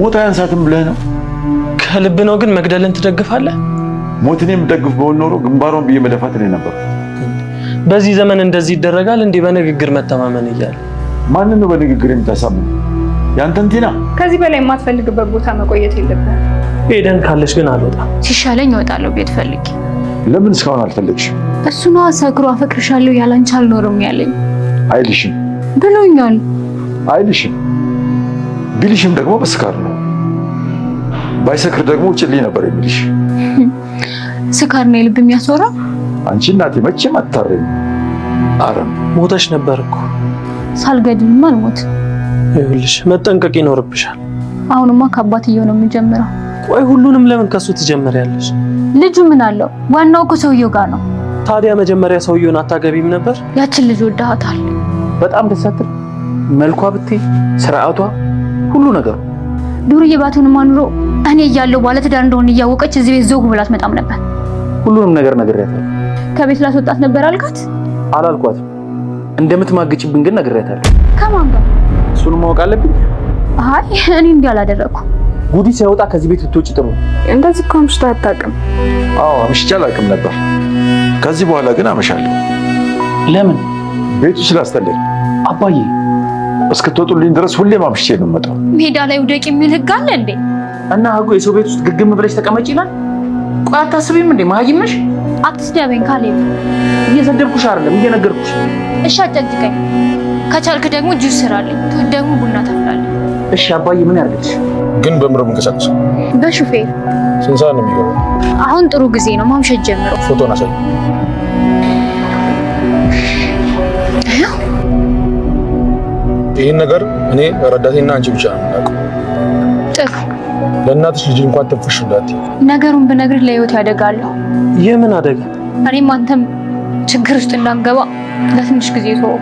ሞት አያንሳትም ብለህ ነው? ከልብ ነው ግን መግደልን ትደግፋለህ? እኔም ደግፍ በሆን ኖሮ ግንባሯን ብዬ መደፋት እኔ ነበር። በዚህ ዘመን እንደዚህ ይደረጋል እንዴ? በንግግር መተማመን እያለ ማን ነው በንግግር የምታሳምን? ያንተን ቲና ከዚህ በላይ የማትፈልግበት ቦታ መቆየት የለብህም። ኤደን ካለች ግን አልወጣም። ሲሻለኝ እወጣለሁ። ቤት ፈልጊ። ለምን እስካሁን አልፈለግሽም? እሱ ነዋ ሰክሮ አፈቅርሻለሁ ያላንቺ አልኖርም ያለኝ። አይልሽም ብሎኛል። አይልሽም ቢልሽም ደግሞ በስካር ነው ባይሰክር ደግሞ ጭልኝ ነበር የሚልሽ። ስካር ነው የልብ የሚያስወራ። አንቺ እናቴ መቼም አታረኝ። አረም ሞተሽ ነበር እኮ። ሳልገድልም አልሞት። ይኸውልሽ መጠንቀቅ ይኖርብሻል። አሁንማ ከአባትየው ነው የምጀምረው። ቆይ ሁሉንም ለምን ከሱ ትጀምሪያለሽ? ልጁ ምን አለው? ዋናው እኮ ሰውየው ጋር ነው። ታዲያ መጀመሪያ ሰውየውን አታገቢም ነበር? ያችን ልጅ ወዳታል። በጣም ደስ መልኳ ብቴ፣ ስርዓቷ፣ ሁሉ ነገሩ ዱርዬ ባትሆንማ ኑሮ እኔ እያለሁ ባለ ትዳር እንደሆነ እያወቀች እዚህ ቤት ዘው ብላት መጣም ነበር። ሁሉንም ነገር ነግሬያታለሁ። ከቤት ላስወጣት ነበር አልካት? አላልኳትም። እንደምትማግጭብኝ ግን ነግሬያታለሁ። ከማን ጋር? እሱንም ማወቅ አለብኝ። አይ እኔ እንዲህ አላደረኩ። ጉዲ ሳይወጣ ከዚህ ቤት ብትወጪ ጥሩ። እንደዚህ እኮ አምሽታ አታውቅም። አዎ አምሽቼ አላውቅም ነበር። ከዚህ በኋላ ግን አመሻለሁ። ለምን? ቤቱ ስላስጠላኝ። አባዬ እስክትወጡልኝ ድረስ ሁሌም አምሽቼ ነው የምመጣው። ሜዳ ላይ ውደቅ የሚል ህግ አለ እንዴ? እና ህጉ የሰው ቤት ውስጥ ግግም ብለሽ ተቀመጭ ይላል። ቆይ አታስቢም እንዴ? መሀይም ነሽ። አትስደበኝ ካሌብ። እየሰደብኩሽ አይደለም እየነገርኩሽ። እሺ አጨቅጭቀኝ፣ ከቻልክ ደግሞ ጁስ ስራልኝ፣ ደግሞ ቡና ታፍላለህ። እሺ አባዬ ምን ያርግልሽ? ግን በምሮ መንቀሳቀስ በሹፌር ስንት ሰዓት ነው የሚገባው? አሁን ጥሩ ጊዜ ነው፣ ማምሸት ጀምሮ። ፎቶን አሳይ ይህን ነገር እኔ ረዳቴና አንቺ ብቻ ነው የምናውቀው። ለእናትሽ ልጅ እንኳን ትንፍሽ እንዳት። ነገሩን ብነግርህ ለህይወት ያደጋለሁ። የምን አደጋ? እኔም አንተም ችግር ውስጥ እንዳንገባ ለትንሽ ጊዜ ተወው።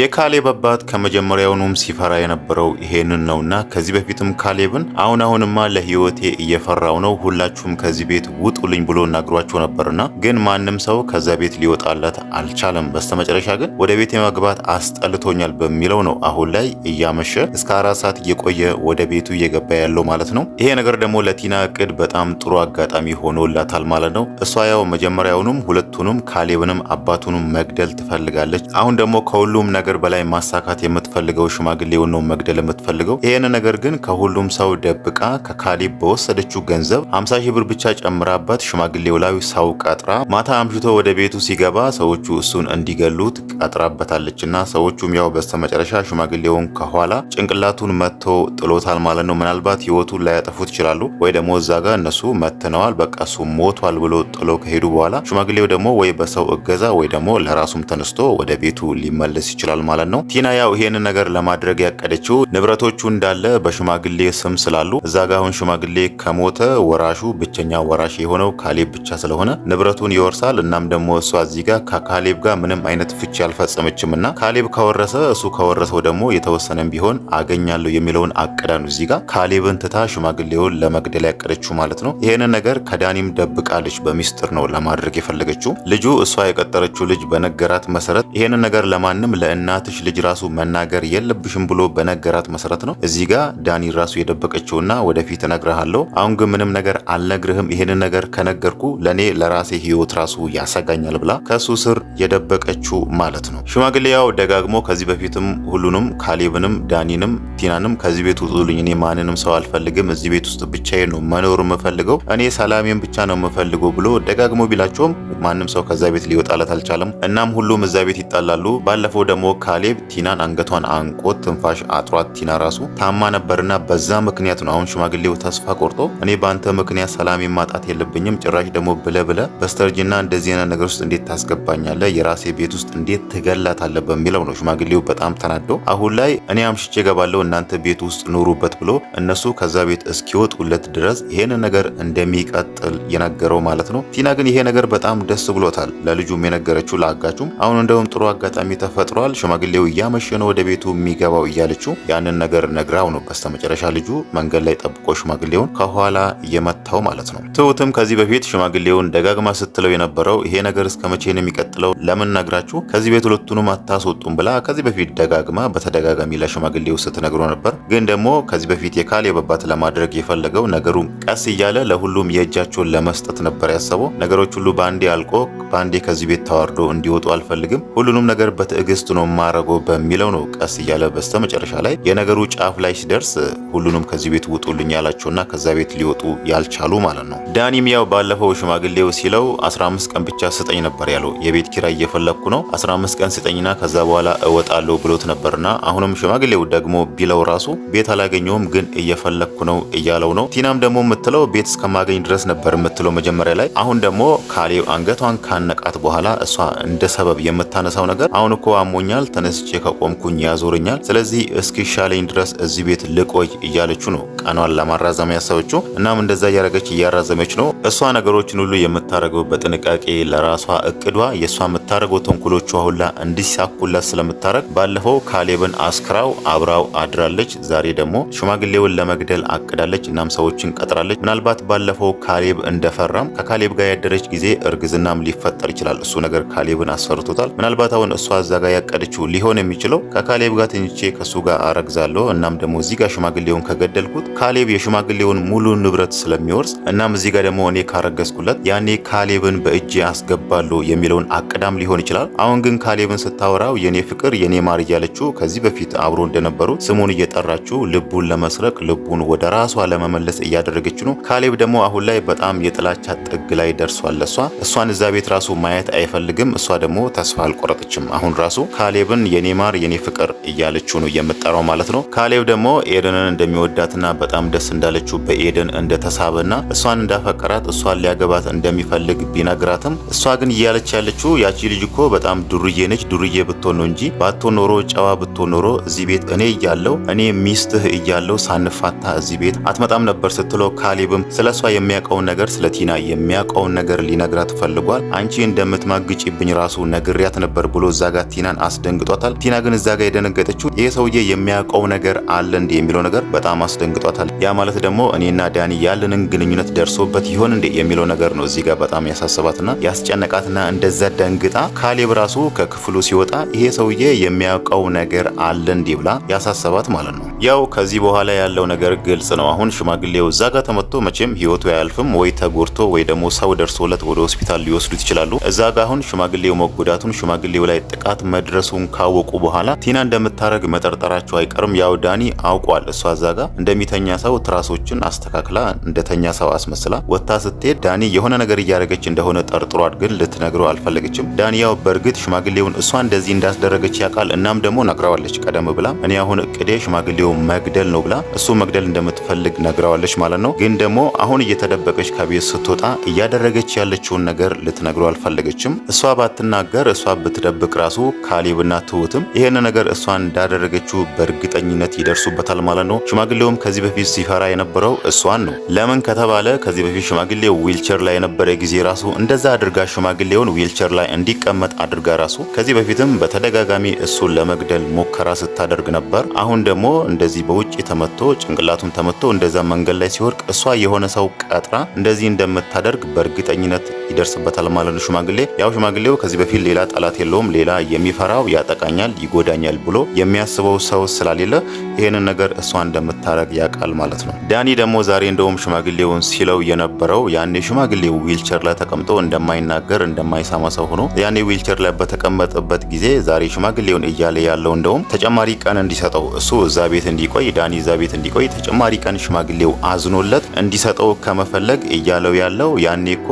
የካሌብ አባት ከመጀመሪያውኑም ሲፈራ የነበረው ይሄንን ነውና ከዚህ በፊትም ካሌብን አሁን አሁንማ ለህይወቴ እየፈራው ነው፣ ሁላችሁም ከዚህ ቤት ውጡልኝ ብሎ ነግሯቸው ነበርና ግን ማንም ሰው ከዛ ቤት ሊወጣላት አልቻለም። በስተመጨረሻ ግን ወደ ቤት የመግባት አስጠልቶኛል በሚለው ነው አሁን ላይ እያመሸ እስከ አራት ሰዓት እየቆየ ወደ ቤቱ እየገባ ያለው ማለት ነው። ይሄ ነገር ደግሞ ለቲና እቅድ በጣም ጥሩ አጋጣሚ ሆኖላታል ማለት ነው። እሷ ያው መጀመሪያውኑም ሁለቱንም ካሌብንም አባቱንም መግደል ትፈልጋለች። አሁን ደግሞ ከሁሉም ነገር በላይ ማሳካት የምትፈልገው ሽማግሌውን ነው መግደል የምትፈልገው። ይሄን ነገር ግን ከሁሉም ሰው ደብቃ ከካሌብ በወሰደችው ገንዘብ 50 ሺህ ብር ብቻ ጨምራ ስትሰናበት ሽማግሌው ላይ ሰው ቀጥራ ማታ አምሽቶ ወደ ቤቱ ሲገባ ሰዎቹ እሱን እንዲገሉት ቀጥራበታለችና ሰዎቹም ያው በስተመጨረሻ ሽማግሌውን ከኋላ ጭንቅላቱን መጥቶ ጥሎታል ማለት ነው። ምናልባት ህይወቱን ላያጠፉት ይችላሉ ወይ ደግሞ እዛ ጋር እነሱ መትነዋል በቃ እሱ ሞቷል ብሎ ጥሎ ከሄዱ በኋላ ሽማግሌው ደግሞ ወይ በሰው እገዛ ወይ ደግሞ ለራሱም ተነስቶ ወደ ቤቱ ሊመለስ ይችላል ማለት ነው። ቲና ያው ይሄንን ነገር ለማድረግ ያቀደችው ንብረቶቹ እንዳለ በሽማግሌ ስም ስላሉ እዛ ጋ አሁን ሽማግሌ ከሞተ ወራሹ ብቸኛ ወራሽ የሆነ የሆነው ካሌብ ብቻ ስለሆነ ንብረቱን ይወርሳል። እናም ደግሞ እሷ እዚህ ጋር ከካሌብ ጋር ምንም አይነት ፍቺ አልፈጸመችም እና ካሌብ ከወረሰ እሱ ከወረሰው ደግሞ የተወሰነም ቢሆን አገኛለሁ የሚለውን አቅዳኑ እዚህ ጋር ካሌብን ትታ ሽማግሌውን ለመግደል ያቀደችው ማለት ነው። ይህንን ነገር ከዳኒም ደብቃለች። በሚስጥር ነው ለማድረግ የፈለገችው። ልጁ እሷ የቀጠረችው ልጅ በነገራት መሰረት ይህንን ነገር ለማንም ለእናትሽ ልጅ ራሱ መናገር የለብሽም ብሎ በነገራት መሰረት ነው እዚህ ጋር ዳኒ ራሱ የደበቀችውና ወደፊት እነግርሃለሁ አሁን ግን ምንም ነገር አልነግርህም ይህንን ነገር ከነገርኩ ለእኔ ለራሴ ህይወት ራሱ ያሰጋኛል ብላ ከእሱ ስር የደበቀችው ማለት ነው። ሽማግሌያው ደጋግሞ ከዚህ በፊትም ሁሉንም ካሌብንም፣ ዳኒንም፣ ቲናንም ከዚህ ቤት ውጡልኝ፣ እኔ ማንንም ሰው አልፈልግም፣ እዚህ ቤት ውስጥ ብቻዬ ነው መኖር የምፈልገው፣ እኔ ሰላሜን ብቻ ነው የምፈልገው ብሎ ደጋግሞ ቢላቸውም ማንም ሰው ከዛ ቤት ሊወጣለት አልቻለም። እናም ሁሉም እዛ ቤት ይጣላሉ። ባለፈው ደግሞ ካሌብ ቲናን አንገቷን አንቆት ትንፋሽ አጥሯት ቲና ራሱ ታማ ነበርና በዛ ምክንያት ነው አሁን ሽማግሌው ተስፋ ቆርጦ እኔ በአንተ ምክንያት ሰላሜን ማጣት የለብ አልሆንክብኝም። ጭራሽ ደግሞ ብለ ብለ በስተርጅና እንደዚህ አይነት ነገር ውስጥ እንዴት ታስገባኛለ? የራሴ ቤት ውስጥ እንዴት ትገላታለ በሚለው ነው ሽማግሌው በጣም ተናዶ አሁን ላይ እኔ አምሽቼ ገባለው እናንተ ቤት ውስጥ ኑሩበት ብሎ እነሱ ከዛ ቤት እስኪወጡለት ድረስ ይሄን ነገር እንደሚቀጥል የነገረው ማለት ነው። ቲና ግን ይሄ ነገር በጣም ደስ ብሎታል። ለልጁም የነገረችው ለአጋቹም። አሁን እንደውም ጥሩ አጋጣሚ ተፈጥሯል። ሽማግሌው እያመሸ ነው ወደ ቤቱ የሚገባው እያለችው ያንን ነገር ነግራው ነው በስተመጨረሻ ልጁ መንገድ ላይ ጠብቆ ሽማግሌውን ከኋላ እየመታው ማለት ነው። ትሁትም ከዚህ በፊት ሽማግሌውን ደጋግማ ስትለው የነበረው ይሄ ነገር እስከ መቼ ነው የሚቀጥለው? ለምን ነግራችሁ ከዚህ ቤት ሁለቱንም አታስወጡም ብላ ከዚህ በፊት ደጋግማ በተደጋጋሚ ለሽማግሌው ስትነግሮ ነበር። ግን ደግሞ ከዚህ በፊት የካሌብ አባት ለማድረግ የፈለገው ነገሩ ቀስ እያለ ለሁሉም የእጃቸውን ለመስጠት ነበር ያሰበው። ነገሮች ሁሉ በአንዴ አልቆ በአንዴ ከዚህ ቤት ተዋርዶ እንዲወጡ አልፈልግም፣ ሁሉንም ነገር በትዕግስት ነው ማረጎ በሚለው ነው ቀስ እያለ በስተ መጨረሻ ላይ የነገሩ ጫፍ ላይ ሲደርስ ሁሉንም ከዚህ ቤት ውጡልኝ ያላቸውና ከዛ ቤት ሊወጡ ያልቻሉ ማለት ነው። ዳኒም ያው ባለፈው ሽማግሌው ሲለው 15 ቀን ብቻ ስጠኝ ነበር ያለው። የቤት ኪራይ እየፈለግኩ ነው 15 ቀን ስጠኝና ከዛ በኋላ እወጣለሁ ብሎት ነበርና አሁንም ሽማግሌው ደግሞ ቢለው ራሱ ቤት አላገኘውም ግን እየፈለግኩ ነው እያለው ነው። ቲናም ደግሞ የምትለው ቤት እስከማገኝ ድረስ ነበር የምትለው መጀመሪያ ላይ። አሁን ደግሞ ካሌብ አንገቷን ካነቃት በኋላ እሷ እንደ ሰበብ የምታነሳው ነገር አሁን እኮ አሞኛል፣ ተነስቼ ከቆምኩኝ ያዞርኛል፣ ስለዚህ እስኪሻለኝ ድረስ እዚህ ቤት ልቆይ እያለች ነው ቀኗን ለማራዘም ያሰበችው። እናም እንደዛ እያረገች እያራዘመች ነው። እሷ ነገሮችን ሁሉ የምታደርገው በጥንቃቄ ለራሷ እቅዷ የእሷ የምታደርገው ተንኮሎቿ ሁላ እንዲሳኩላት ስለምታደርግ ባለፈው ካሌብን አስክራው አብራው አድራለች። ዛሬ ደግሞ ሽማግሌውን ለመግደል አቅዳለች። እናም ሰዎችን ቀጥራለች። ምናልባት ባለፈው ካሌብ እንደፈራም ከካሌብ ጋር ያደረች ጊዜ እርግዝናም ሊፈጠር ይችላል። እሱ ነገር ካሌብን አስፈርቶታል። ምናልባት አሁን እሷ እዛ ጋር ያቀደችው ሊሆን የሚችለው ከካሌብ ጋር ትንቼ ከእሱ ጋር አረግዛለሁ እናም ደግሞ እዚህ ጋር ሽማግሌውን ከገደልኩት ካሌብ የሽማግሌውን ሙሉ ንብረት ስለሚወርስ እናም እዚህ ጋር ደግሞ እኔ ካረገዝኩለት ያኔ ካሌብን በእጄ አስገባለሁ የሚለውን አቅዳም ሊሆን ይችላል። አሁን ግን ካሌብን ስታወራው የኔ ፍቅር የኔ ማር እያለችው ከዚህ በፊት አብሮ እንደነበሩ ስሙን እየጠራችው ልቡን ለመስረቅ ልቡን ወደ ራሷ ለመመለስ እያደረገች ነው። ካሌብ ደግሞ አሁን ላይ በጣም የጥላቻ ጥግ ላይ ደርሷል። እሷ እሷን እዛ ቤት ራሱ ማየት አይፈልግም። እሷ ደግሞ ተስፋ አልቆረጠችም። አሁን ራሱ ካሌብን የኔ ማር የኔ ፍቅር እያለችው ነው የምጠራው ማለት ነው። ካሌብ ደግሞ ኤደንን እንደሚወዳትና በጣም ደስ እንዳለችው በኤደን እንደተሳበና እሷን እንዳፈቀራት እሷን ሊያገባት እንደሚፈልግ ቢነግራትም እሷ ግን እያለች ያለችው ያቺ ልጅ እኮ በጣም ዱርዬ ነች፣ ዱርዬ ብትሆን ነው እንጂ ባትሆን ኖሮ ጨዋ ብትሆን ኖሮ እዚህ ቤት እኔ እያለው እኔ ሚስትህ እያለው ሳንፋታ እዚህ ቤት አትመጣም ነበር ስትለው ካሌብም ስለ እሷ የሚያውቀውን ነገር ስለ ቲና የሚያውቀውን ነገር ሊነግራት ፈልጓል። አንቺ እንደምትማግጭብኝ ራሱ ነግሪያት ነበር ብሎ እዛ ጋር ቲናን አስደንግጧታል። ቲና ግን እዛ ጋር የደነገጠችው ይህ ሰውዬ የሚያውቀው ነገር አለ እንዲህ የሚለው ነገር በጣም አስደንግጧታል። ያ ማለት ደግሞ እኔና ዳኒ ያለንን ግንኙነት ደርሶበት ይሆን ይሆን እንዴ የሚለው ነገር ነው እዚህ ጋር በጣም ያሳሰባትና ያስጨነቃትና እንደዛ ደንግጣ ካሌብ ራሱ ከክፍሉ ሲወጣ ይሄ ሰውዬ የሚያውቀው ነገር አለ እንዲ ብላ ያሳሰባት ማለት ነው። ያው ከዚህ በኋላ ያለው ነገር ግልጽ ነው። አሁን ሽማግሌው እዛ ጋር ተመቶ መቼም ህይወቱ አያልፍም ወይ ተጎድቶ ወይ ደግሞ ሰው ደርሶለት ወደ ሆስፒታል ሊወስዱት ይችላሉ። እዛ ጋር አሁን ሽማግሌው መጎዳቱን ሽማግሌው ላይ ጥቃት መድረሱን ካወቁ በኋላ ቲና እንደምታደርግ መጠርጠራቸው አይቀርም። ያው ዳኒ አውቋል። እሷ እዛ ጋር እንደሚተኛ ሰው ትራሶችን አስተካክላ እንደተኛ ሰው አስመስላ ወታ ስትሄድ ዳኒ የሆነ ነገር እያደረገች እንደሆነ ጠርጥሯት ግን ልትነግረው አልፈለገችም። ዳኒ ያው በእርግጥ ሽማግሌውን እሷ እንደዚህ እንዳስደረገች ያውቃል። እናም ደግሞ ነግረዋለች። ቀደም ብላ እኔ አሁን እቅዴ ሽማግሌው መግደል ነው ብላ እሱ መግደል እንደምትፈልግ ነግረዋለች ማለት ነው። ግን ደግሞ አሁን እየተደበቀች ከቤት ስትወጣ እያደረገች ያለችውን ነገር ልትነግረው አልፈለገችም። እሷ ባትናገር እሷ ብትደብቅ ራሱ ካሌብና ትሁትም ይህን ነገር እሷ እንዳደረገችው በእርግጠኝነት ይደርሱበታል ማለት ነው። ሽማግሌውም ከዚህ በፊት ሲፈራ የነበረው እሷን ነው። ለምን ከተባለ ከዚህ በፊት ሽማግሌው ዊልቸር ላይ የነበረ ጊዜ ራሱ እንደዛ አድርጋ ሽማግሌውን ዊልቸር ላይ እንዲቀመጥ አድርጋ ራሱ ከዚህ በፊትም በተደጋጋሚ እሱን ለመግደል ሙከራ ስታደርግ ነበር። አሁን ደግሞ እንደዚህ በውጭ ተመቶ ጭንቅላቱን ተመቶ እንደዛ መንገድ ላይ ሲወድቅ እሷ የሆነ ሰው ቀጥራ እንደዚህ እንደምታደርግ በእርግጠኝነት ይደርስበታል ማለት ነው። ሽማግሌ ያው ሽማግሌው ከዚህ በፊት ሌላ ጠላት የለውም። ሌላ የሚፈራው ያጠቃኛል፣ ይጎዳኛል ብሎ የሚያስበው ሰው ስላሌለ ይህንን ነገር እሷ እንደምታደርግ ያውቃል ማለት ነው። ዳኒ ደግሞ ዛሬ እንደውም ሽማግሌውን ሲለው የነበረው የነበረው ያኔ ሽማግሌ ዊልቸር ላይ ተቀምጦ እንደማይናገር እንደማይሰማ ሰው ሆኖ ያኔ ዊልቸር ላይ በተቀመጠበት ጊዜ ዛሬ ሽማግሌውን እያለ ያለው እንደውም ተጨማሪ ቀን እንዲሰጠው እሱ እዛ ቤት እንዲቆይ ዳኒ እዛ ቤት እንዲቆይ ተጨማሪ ቀን ሽማግሌው አዝኖለት እንዲሰጠው ከመፈለግ እያለው ያለው ያኔ እኮ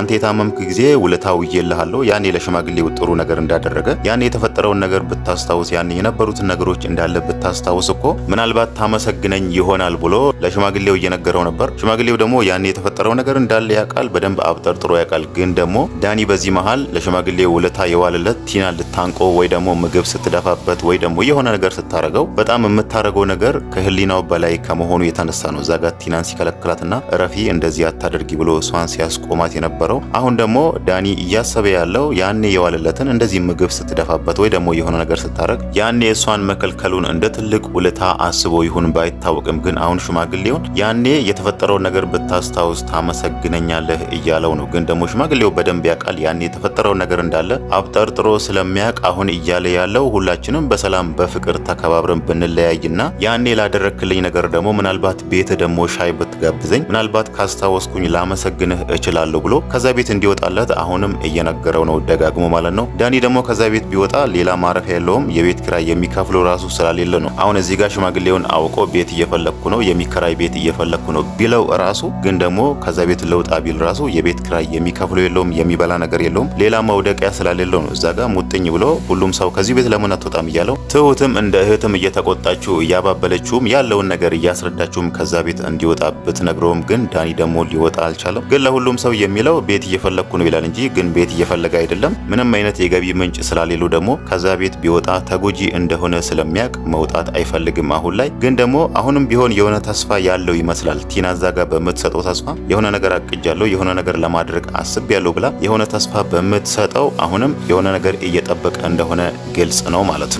አንተ የታመምክ ጊዜ ውለታ ውዬልሃለሁ ያኔ ለሽማግሌው ጥሩ ነገር እንዳደረገ ያኔ የተፈጠረውን ነገር ብታስታውስ ያኔ የነበሩትን ነገሮች እንዳለ ብታስታውስ እኮ ምናልባት ታመሰግነኝ ይሆናል ብሎ ለሽማግሌው እየነገረው ነበር። ሽማግሌው ደግሞ ያኔ የተፈጠረው ነገር እንዳለ ያውቃል፣ በደንብ አብጠርጥሮ ያውቃል። ግን ደግሞ ዳኒ በዚህ መሀል ለሽማግሌ ውለታ የዋለለት ቲና ልታንቆ ወይ ደግሞ ምግብ ስትደፋበት ወይ ደግሞ የሆነ ነገር ስታረገው በጣም የምታረገው ነገር ከህሊናው በላይ ከመሆኑ የተነሳ ነው። እዛ ጋር ቲናን ሲከለክላትና እረፊ እንደዚህ አታደርጊ ብሎ እሷን ሲያስቆማት የነበረው አሁን ደግሞ ዳኒ እያሰበ ያለው ያኔ የዋለለትን እንደዚህ ምግብ ስትደፋበት ወይ ደግሞ የሆነ ነገር ስታረግ ያኔ እሷን መከልከሉን እንደ ትልቅ ውለታ አስቦ ይሁን ባይታወቅም ግን አሁን ሽማግሌውን ያኔ የተፈጠረውን ነገር ብታስታውስ ታመ ታመሰግነኛለህ እያለው ነው። ግን ደግሞ ሽማግሌው በደንብ ያውቃል ያን የተፈጠረው ነገር እንዳለ አብጠርጥሮ ስለሚያውቅ አሁን እያለ ያለው ሁላችንም በሰላም በፍቅር ተከባብረን ብንለያይና ያኔ ላደረክልኝ ነገር ደግሞ ምናልባት ቤት ደግሞ ሻይ ብትጋብዘኝ ምናልባት ካስታወስኩኝ ላመሰግንህ እችላለሁ ብሎ ከዛ ቤት እንዲወጣለት አሁንም እየነገረው ነው ደጋግሞ ማለት ነው። ዳኒ ደግሞ ከዛ ቤት ቢወጣ ሌላ ማረፊያ የለውም። የቤት ኪራይ የሚከፍሉ ራሱ ስላሌለ ነው። አሁን እዚህ ጋር ሽማግሌውን አውቆ ቤት እየፈለግኩ ነው የሚከራይ ቤት እየፈለግኩ ነው ቢለው ራሱ ግን ደግሞ ከዛ ቤት ለውጣ ቢል ራሱ የቤት ክራይ የሚከፍለው የለውም፣ የሚበላ ነገር የለውም፣ ሌላ መውደቂያ ስለሌለው ነው። እዛ ጋር ሙጥኝ ብሎ ሁሉም ሰው ከዚህ ቤት ለምን አትወጣም እያለው ትሁትም እንደ እህትም እየተቆጣችው እያባበለችውም ያለውን ነገር እያስረዳችውም ከዛ ቤት እንዲወጣ ብትነግረውም ግን ዳኒ ደግሞ ሊወጣ አልቻለም። ግን ለሁሉም ሰው የሚለው ቤት እየፈለግኩ ነው ይላል እንጂ ግን ቤት እየፈለገ አይደለም። ምንም አይነት የገቢ ምንጭ ስላሌለው ደግሞ ከዛ ቤት ቢወጣ ተጎጂ እንደሆነ ስለሚያውቅ መውጣት አይፈልግም። አሁን ላይ ግን ደግሞ አሁንም ቢሆን የሆነ ተስፋ ያለው ይመስላል። ቲና እዛ ጋር በምትሰጠው ተስፋ የሆነ ነገር አቅጃለሁ፣ የሆነ ነገር ለማድረግ አስብ ያለው ብላ የሆነ ተስፋ በምትሰጠው አሁንም የሆነ ነገር እየጠበቀ እንደሆነ ግልጽ ነው ማለት ነው።